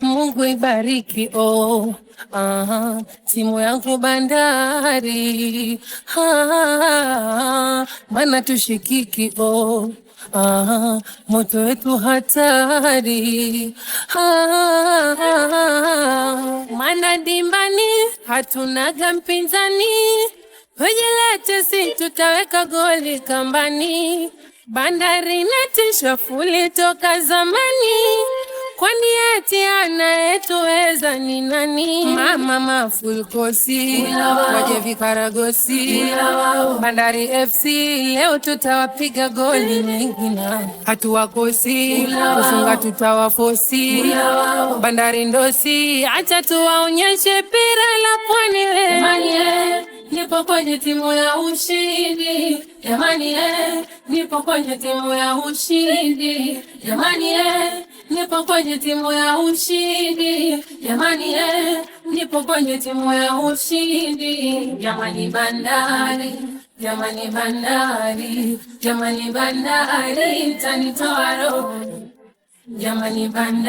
Mungu ibariki oh, aha, timu yangu Bandari mana tushikiki oh, aha, moto wetu hatari mana dimbani hatunaga mpinzani, wejilete si tutaweka goli kambani Bandari net chafu toka zamani, kwani eti anayetuweza ni nani? Mama mafulkosi waje vikaragosi Bandari FC leo tutawapiga goli nyingi, hatuwakosi kufunga, tutawafosi Bandari ndosi, acha tuwaonyeshe pia nipo kwenye timu ya ushindi jamani, eh, nipo kwenye timu ya ushindi jamani, eh, nipo kwenye timu ya ushindi jamani, eh, nipo kwenye timu ya ushindi jamani, Bandari jamani, Bandari jamani, Bandari tanitoa roho jamani, Bandari